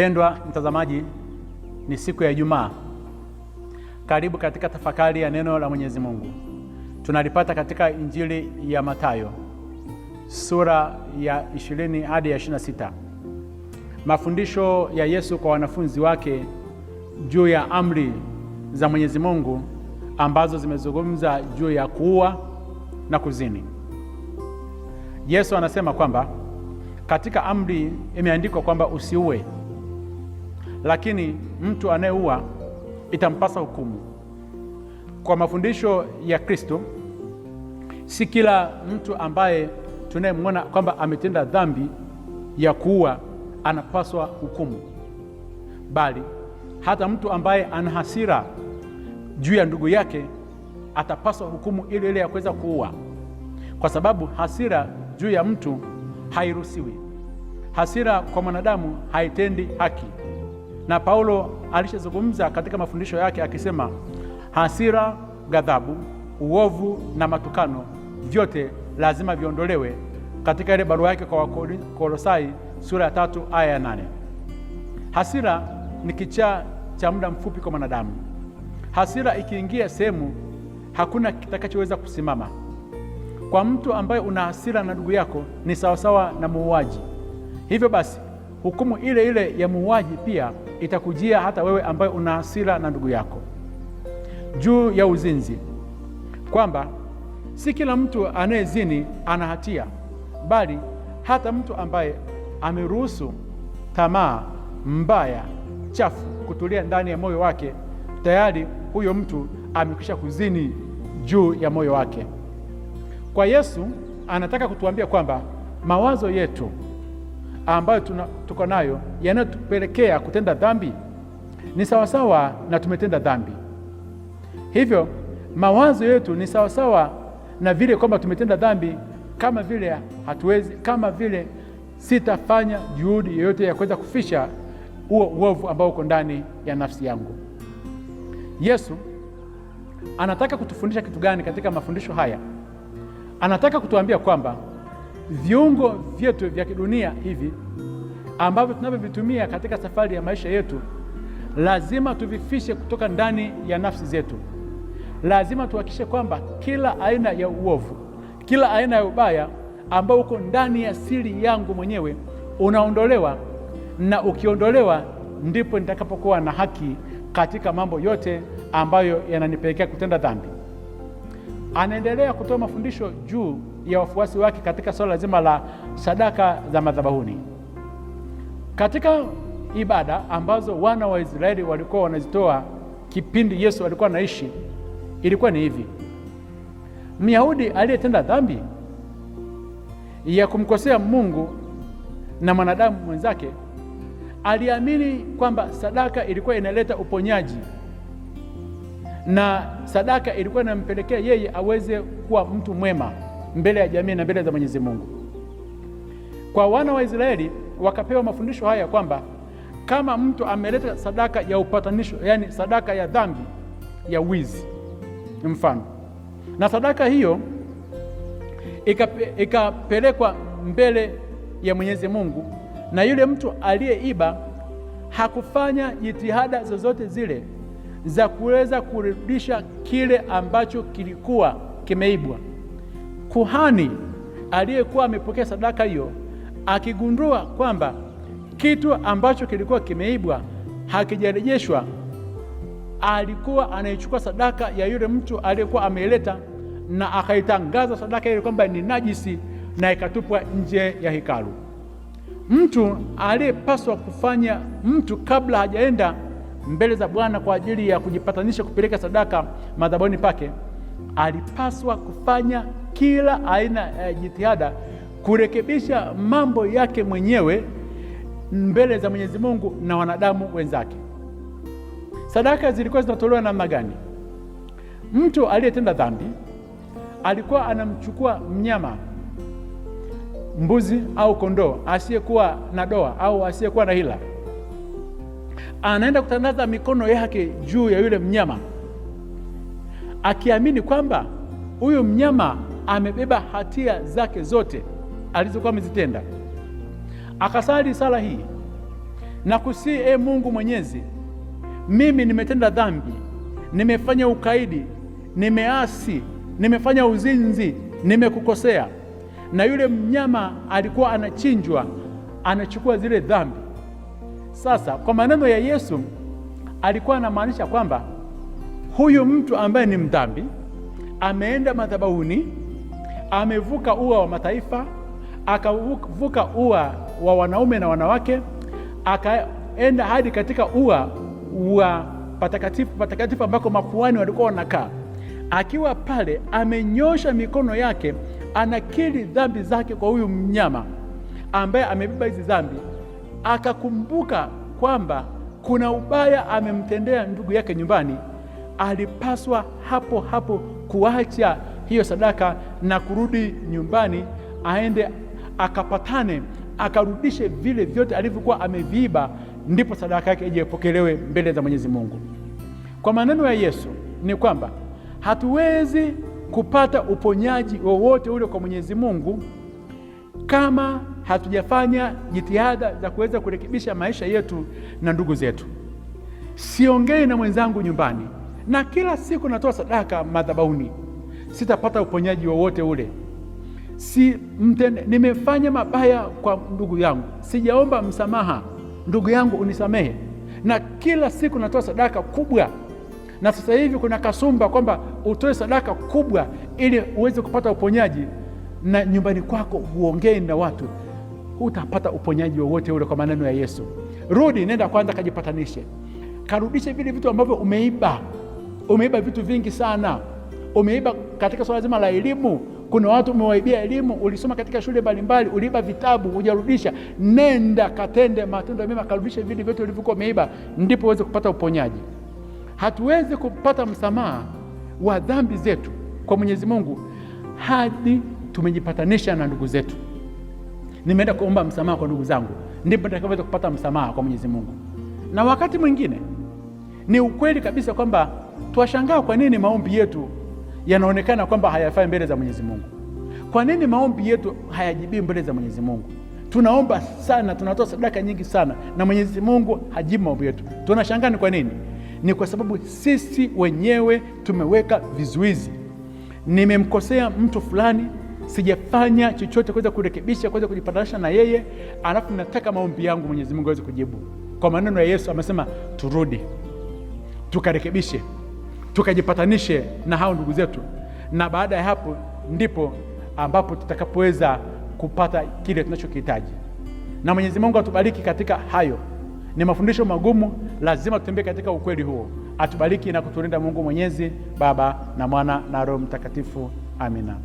Pendwa mtazamaji, ni siku ya Ijumaa. Karibu katika tafakari ya neno la Mwenyezi Mungu. Tunalipata katika Injili ya Mathayo sura ya 20 hadi ya 26. Mafundisho ya Yesu kwa wanafunzi wake juu ya amri za Mwenyezi Mungu ambazo zimezungumza juu ya kuua na kuzini. Yesu anasema kwamba katika amri imeandikwa kwamba usiue lakini mtu anayeua itampasa hukumu. Kwa mafundisho ya Kristo, si kila mtu ambaye tunayemwona kwamba ametenda dhambi ya kuua anapaswa hukumu, bali hata mtu ambaye ana hasira juu ya ndugu yake atapaswa hukumu ile ile ya kuweza kuua, kwa sababu hasira juu ya mtu hairuhusiwi. Hasira kwa mwanadamu haitendi haki na Paulo alishazungumza katika mafundisho yake akisema, hasira, ghadhabu, uovu na matukano vyote lazima viondolewe, katika ile barua yake kwa Wakolosai sura ya tatu aya ya nane. Hasira ni kichaa cha muda mfupi kwa mwanadamu. Hasira ikiingia sehemu, hakuna kitakachoweza kusimama. Kwa mtu ambaye una hasira na ndugu yako ni sawasawa na muuaji. Hivyo basi, hukumu ile ile ya muuaji pia itakujia hata wewe ambaye una hasira na ndugu yako. Juu ya uzinzi, kwamba si kila mtu anayezini ana hatia, bali hata mtu ambaye ameruhusu tamaa mbaya chafu kutulia ndani ya moyo wake, tayari huyo mtu amekwisha kuzini juu ya moyo wake. Kwa Yesu anataka kutuambia kwamba mawazo yetu ambayo tuko nayo yanayotupelekea kutenda dhambi ni sawasawa na tumetenda dhambi. Hivyo mawazo yetu ni sawasawa na vile kwamba tumetenda dhambi, kama vile hatuwezi, kama vile sitafanya juhudi yoyote ya kuweza kufisha huo uovu ambao uko ndani ya nafsi yangu. Yesu anataka kutufundisha kitu gani katika mafundisho haya? Anataka kutuambia kwamba viungo vyetu vya kidunia hivi ambavyo tunavyovitumia katika safari ya maisha yetu lazima tuvifishe kutoka ndani ya nafsi zetu. Lazima tuhakikishe kwamba kila aina ya uovu, kila aina ya ubaya ambao uko ndani ya siri yangu mwenyewe unaondolewa, na ukiondolewa, ndipo nitakapokuwa na haki katika mambo yote ambayo yananipelekea kutenda dhambi. Anaendelea kutoa mafundisho juu ya wafuasi wake katika swala zima la sadaka za madhabahuni katika ibada ambazo wana wa Israeli walikuwa wanazitoa kipindi Yesu alikuwa anaishi, ilikuwa ni hivi: Myahudi aliyetenda dhambi ya kumkosea Mungu na mwanadamu mwenzake aliamini kwamba sadaka ilikuwa inaleta uponyaji na sadaka ilikuwa inampelekea yeye aweze kuwa mtu mwema mbele ya jamii na mbele za Mwenyezi Mungu. Kwa wana wa Israeli wakapewa mafundisho haya kwamba kama mtu ameleta sadaka ya upatanisho, yaani sadaka ya dhambi ya wizi mfano, na sadaka hiyo ikape, ikapelekwa mbele ya Mwenyezi Mungu, na yule mtu aliyeiba hakufanya jitihada zozote zile za kuweza kurudisha kile ambacho kilikuwa kimeibwa, kuhani aliyekuwa amepokea sadaka hiyo akigundua kwamba kitu ambacho kilikuwa kimeibwa hakijarejeshwa, alikuwa anaichukua sadaka ya yule mtu aliyekuwa ameileta na akaitangaza sadaka ile kwamba ni najisi na ikatupwa nje ya hekalu. Mtu aliyepaswa kufanya mtu kabla hajaenda mbele za Bwana kwa ajili ya kujipatanisha kupeleka sadaka madhabahuni pake alipaswa kufanya kila aina ya eh, jitihada kurekebisha mambo yake mwenyewe mbele za Mwenyezi Mungu na wanadamu wenzake. Sadaka zilikuwa zinatolewa namna gani? Mtu aliyetenda dhambi alikuwa anamchukua mnyama mbuzi au kondoo asiyekuwa na doa au asiyekuwa na hila, anaenda kutandaza mikono yake juu ya yule mnyama, akiamini kwamba huyu mnyama amebeba hatia zake zote alizokuwa amezitenda, akasali sala hii na kusihi, e Mungu Mwenyezi, mimi nimetenda dhambi, nimefanya ukaidi, nimeasi, nimefanya uzinzi, nimekukosea. Na yule mnyama alikuwa anachinjwa, anachukua zile dhambi. Sasa kwa maneno ya Yesu alikuwa anamaanisha kwamba huyu mtu ambaye ni mdhambi ameenda madhabahuni, amevuka ua wa mataifa akavuka ua wa wanaume na wanawake, akaenda hadi katika ua wa patakatifu patakatifu, ambako makuhani walikuwa wanakaa. Akiwa pale amenyosha mikono yake, anakiri dhambi zake kwa huyu mnyama ambaye amebeba hizi dhambi, akakumbuka kwamba kuna ubaya amemtendea ndugu yake nyumbani. Alipaswa hapo hapo kuacha hiyo sadaka na kurudi nyumbani aende akapatane, akarudishe vile vyote alivyokuwa ameviiba, ndipo sadaka yake ije ipokelewe mbele za Mwenyezi Mungu. Kwa maneno ya Yesu ni kwamba hatuwezi kupata uponyaji wowote ule kwa Mwenyezi Mungu kama hatujafanya jitihada za kuweza kurekebisha maisha yetu na ndugu zetu. Siongei na mwenzangu nyumbani na kila siku natoa sadaka madhabahuni, sitapata uponyaji wowote ule si mtende, nimefanya mabaya kwa ndugu yangu, sijaomba msamaha, ndugu yangu unisamehe, na kila siku natoa sadaka kubwa. Na sasa hivi kuna kasumba kwamba utoe sadaka kubwa ili uweze kupata uponyaji, na nyumbani kwako huongee na watu, hutapata uponyaji wowote ule kwa maneno ya Yesu. Rudi, nenda kwanza, kajipatanishe, karudishe vile vitu ambavyo umeiba. Umeiba vitu vingi sana, umeiba katika swala zima la elimu kuna watu umewaibia elimu, ulisoma katika shule mbalimbali, uliiba vitabu hujarudisha. Nenda katende matendo mema, karudishe vile vyote ulivyokuwa umeiba, ndipo uweze kupata uponyaji. Hatuwezi kupata msamaha wa dhambi zetu kwa Mwenyezi Mungu hadi tumejipatanisha na ndugu zetu. Nimeenda kuomba msamaha kwa ndugu zangu, ndipo nitakavyoweza kupata msamaha kwa Mwenyezi Mungu. Na wakati mwingine ni ukweli kabisa kwamba twashangaa kwa nini maombi yetu yanaonekana kwamba hayafai mbele za Mwenyezi Mungu. Kwa nini maombi yetu hayajibii mbele za Mwenyezi Mungu? Tunaomba sana, tunatoa sadaka nyingi sana, na Mwenyezi Mungu hajibu maombi yetu. Tunashangaa ni kwa nini? Ni kwa sababu sisi wenyewe tumeweka vizuizi. Nimemkosea mtu fulani, sijafanya chochote kuweza kurekebisha, kuweza kujipatanisha na yeye, alafu nataka maombi yangu Mwenyezi Mungu aweze kujibu. Kwa maneno ya Yesu amesema, turudi tukarekebishe tukajipatanishe na hao ndugu zetu, na baada ya hapo ndipo ambapo tutakapoweza kupata kile tunachokihitaji. Na Mwenyezi Mungu atubariki katika hayo. Ni mafundisho magumu, lazima tutembee katika ukweli huo. Atubariki na kutulinda Mungu Mwenyezi, Baba na Mwana na Roho Mtakatifu. Amina.